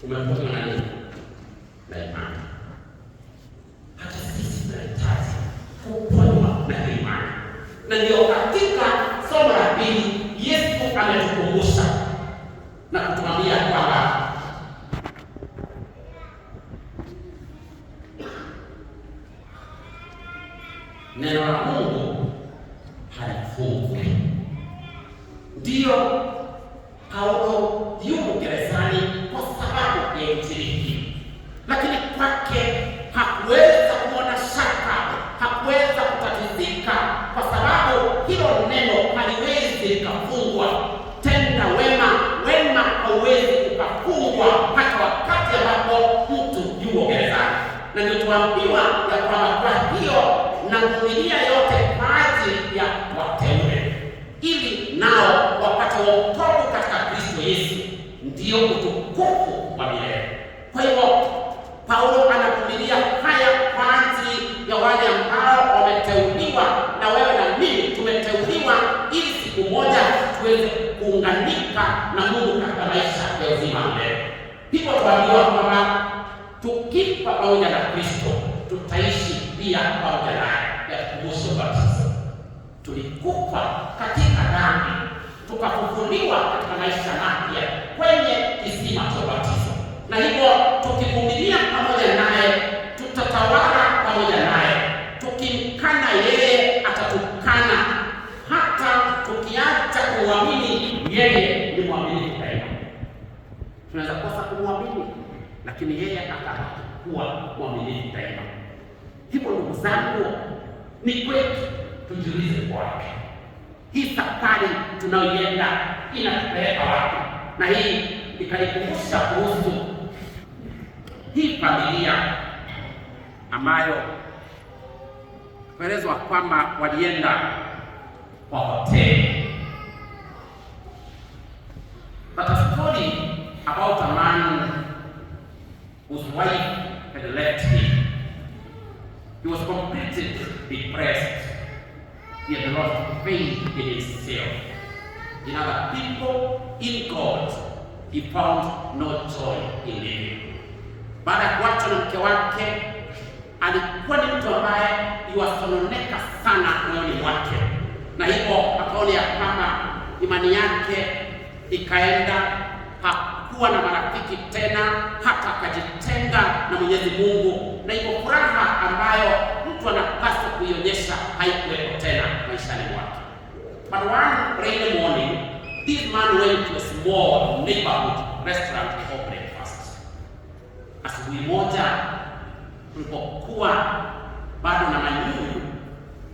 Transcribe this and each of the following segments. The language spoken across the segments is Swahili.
Tunatoka na nini? Na imani. Hata sisi tunahitaji kuponywa na imani, na ndio katika somo la pili Yesu anatukumbusha na kutuambia kwamba neno la Mungu halifungwi, ndiyo hauko vyuma isije ikafungwa tenda wema. Wema hauwezi ukafungwa hata wakati ambapo mtu yuko gerezani, na ndio tuambiwa ya kwamba kwa hiyo na kumilia yote kwa ajili ya wateule, ili nao wapate wokovu katika Kristo Yesu, ndiyo utukufu wa milele. Kwa hivyo Paulo anakumilia haya kwa ajili ya wale ambao siku moja tuweze kuunganika na Mungu katika maisha ya uzima mbele. Hivyo tuambiwa kwamba tukifa pamoja na Kristo tutaishi pia pamoja naye. Yakumbushe ubatizo, tulikufa katika dhambi tukafufuliwa katika maisha mapya kwenye kisima cha ubatizo, na hivyo yeye ni mwaminifu daima. Tunaweza kosa kumwamini, lakini yeye akabaki kuwa mwaminifu daima. Hivyo ndugu zangu, ni kwetu tujiulize, kwa hii safari tunayoenda inatupeleka wapi? Na hii ikanikumbusha kuhusu hii familia ambayo kuelezwa kwamba walienda kwa hoteli But a story about a man whose wife had left him. He was completely depressed. He had lost faith in himself. In other people, in God, he found no joy in living. Baada ya kuachwa mke wake, alikuwa ni mtu ambaye iwasononeka sana moyoni mwake, na hivyo akaona ya kwamba imani yake ikaenda, hakuwa na marafiki tena, hata akajitenga na Mwenyezi Mungu, na iko furaha ambayo mtu anapaswa kuionyesha haikuwepo tena maishani mwake. But one rainy morning this man went to a small neighborhood restaurant for breakfast. Asubuhi moja mlipokuwa bado na manyunyu,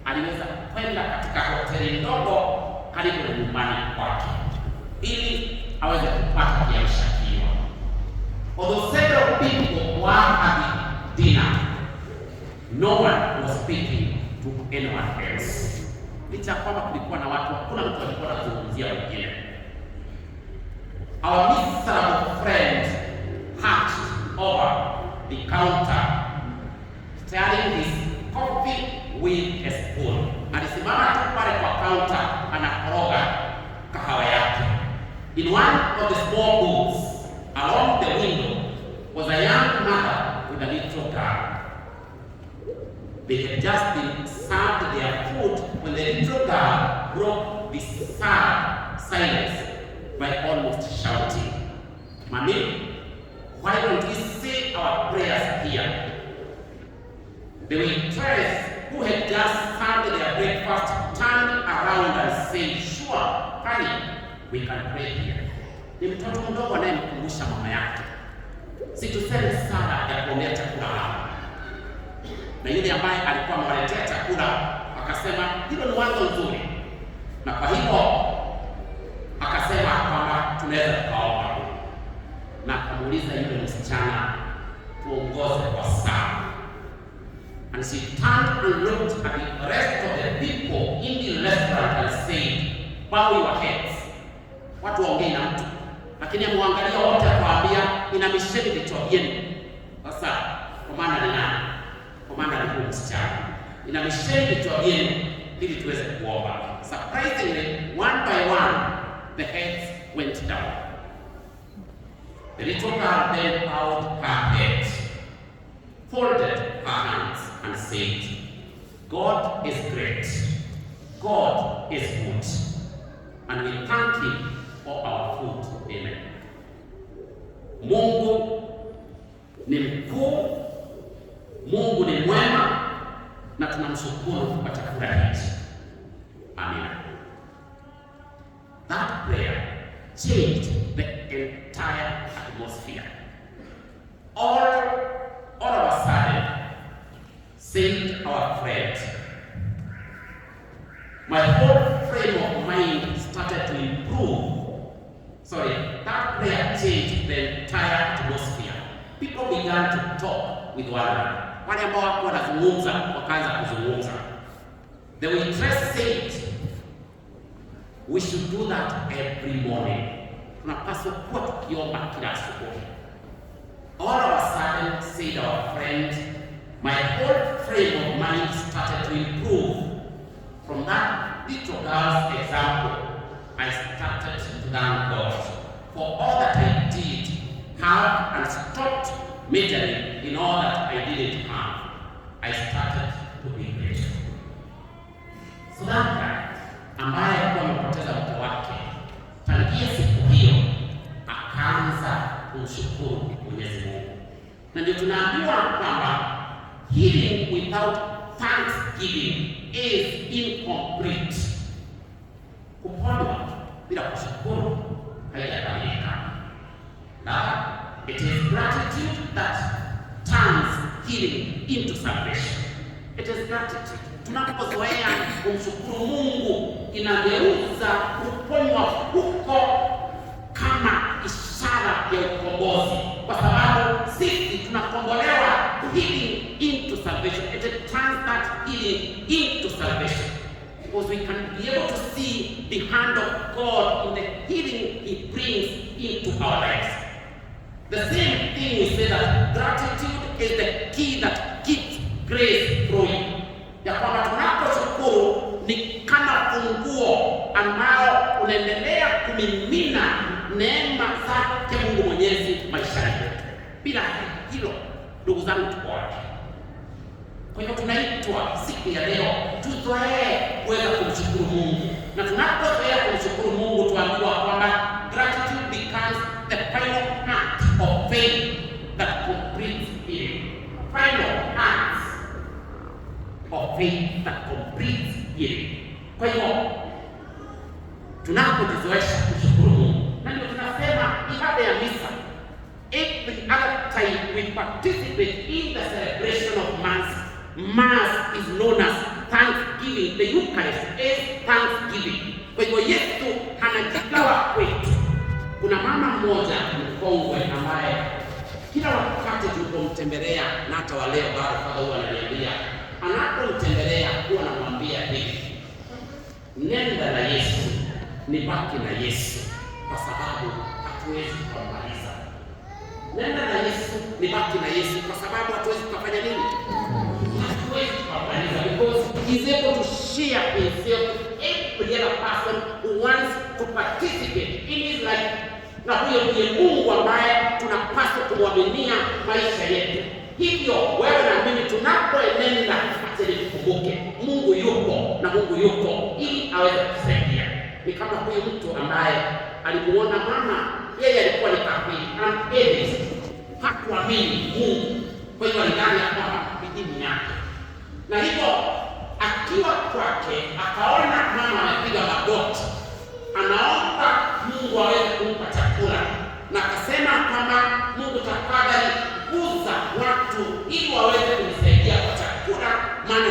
aliweza kwenda katika hoteli ndogo karibu na nyumbani kwake ili aweze kupata maisha hiyo. Although several people were having dinner, no one was speaking to anyone else. Licha kwamba kulikuwa na watu, hakuna mtu alikuwa anazungumzia wengine. Our miserable friend hunched over the counter stirring his coffee with a spoon. Alisimama tu pale kwa counter anakoroga In one of the small rooms along the window was a young mother with a little girl. They had just been served their food when the little girl broke the sad silence by almost shouting, Mommy, why don't we say our prayers here? The waitress who had just served their breakfast turned around and said, Sure, honey, we can pray here. Ni mtoto mdogo anayemkumbusha mama yake, si sala ya kuombea chakula hapa, na yule ambaye alikuwa amewaletea chakula akasema hilo ni wazo nzuri, na kwa hivyo akasema kwamba tunaweza tukaomba, na akamuuliza yule msichana, tuongoze kwa sala and she turned and looked at the rest of the people in the restaurant and said, bow your heads watu waongee na mtu, lakini amwangalia wote, akawaambia ina misheni vichwa vyenu. Sasa komanda ni nani? Komanda ni huyu msichana. Ina misheni vichwa vyenu ili tuweze kuomba. Surprisingly, one by one the heads went down. The little girl then bowed her head, folded her hands and said, God is great. God is good. And we thank him for our food. Amen. Mungu ni mkuu, Mungu ni mwema na tunamshukuru kwa chakula hichi. Amina. That prayer changed the entire atmosphere. All all of a sudden saved our friend. My whole frame of mind started to improve sorry, that prayer changed the entire atmosphere. People began to talk with one another. Wale ambao what wanazungumza wakaanza kuzungumza. The waitress said, we should do that every morning. All of a sudden, said our friend, my whole frame of mind started to improve. From that little girl's example, I started thank God for all that I did, have, and stopped meddling in all that I didn't have. I started to be grateful. Sudanka ambaye alikuwa amepoteza mke wake, tangia siku hiyo akaanza kumshukuru Mwenyezi Mungu, na ndio tunaambiwa kwamba healing without thanksgiving is incomplete. Kupona bila kushukuru haitabadilika. Na it is gratitude that turns healing into salvation. It is gratitude. Tunapozoea kumshukuru Mungu inageuza kuponywa huko kama ishara ya ukombozi, kwa sababu sisi tunakombolewa healing into salvation. It turns that healing into salvation because we can be able to see the hand of God in the healing He brings into our lives. The same thing we say that gratitude is the key that keeps grace flowing. Ya kwamba tunaposhukuru ni kama funguo ambayo unaendelea kumimina neema zake Mungu Mwenyezi maisha yetu. Bila hilo, ndugu zangu, tuko wapi? Kwa hivyo tunaitwa siku ya leo tuzoee kuweza kumshukuru Mungu na tunapozoea kumshukuru Mungu tuambiwa kwamba gratitude becomes the final act of faith that completes him. Final act of faith that completes him. Kwa hiyo tunapojizoesha kumshukuru Mungu, na ndio tunasema ibada ya misa, every other time we participate in the celebration of mass, mass is known as thanks ili the Eucharist is thanksgiving. Kwa hivyo Yesu anajigawa kwetu. Kuna mama mmoja mkongwe ambaye kila wakati tulipomtembelea na hata waleo bado Padre huwa ananiambia, anapomtembelea huwa anamwambia hivi, nenda na Yesu, baki na Yesu, kwa sababu hatuwezi kumaliza. Nenda na Yesu, baki na Yesu, kwa sababu participate in his life, na huyo ndiye Mungu ambaye tunapaswa kumwaminia maisha yetu. Hivyo wewe na mimi tunapoenenda asili tukumbuke Mungu yuko na Mungu yuko ili aweze kusaidia. Ni kama huyu mtu ambaye alimuona mama, yeye alikuwa ni kafiri ampeni, hakuamini Mungu, kwa hiyo alidhani ya kwamba bidii yake, na hivyo akiwa kwake akaona mama amepiga magoti anaomba Mungu aweze kumpa chakula, na akasema kama Mungu tafadhali, kuza watu ili waweze kunisaidia kwa chakula, maana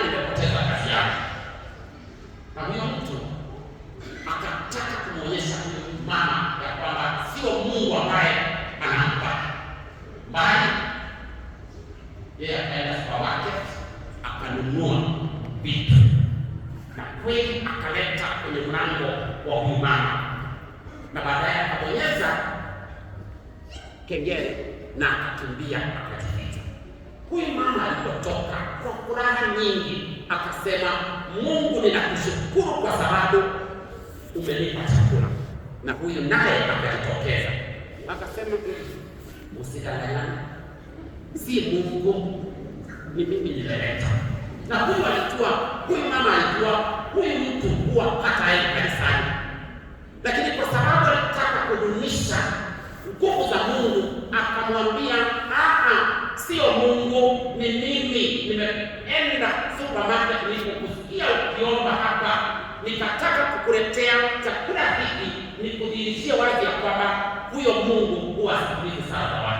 kengele na akakimbia akatupita. Huyu mama alipotoka kwa furaha nyingi, akasema Mungu, ninakushukuru kwa sababu umenipa chakula. Na huyu naye akajitokeza akasema, usidanganyane, si Mungu ni mimi nileleta. Na huyu alikuwa huyu mama alikuwa huyu mtu huwa hata kanisani, lakini kwa sababu alitaka kudumisha Mungu akamwambia, aha, sio Mungu ni mimi. Nimeenda supermarket nilipokusikia ukiomba hapa, nikataka kukuletea chakula hiki, nikudhihirishie wazi ya kwamba huyo Mungu huwa asikilizi sana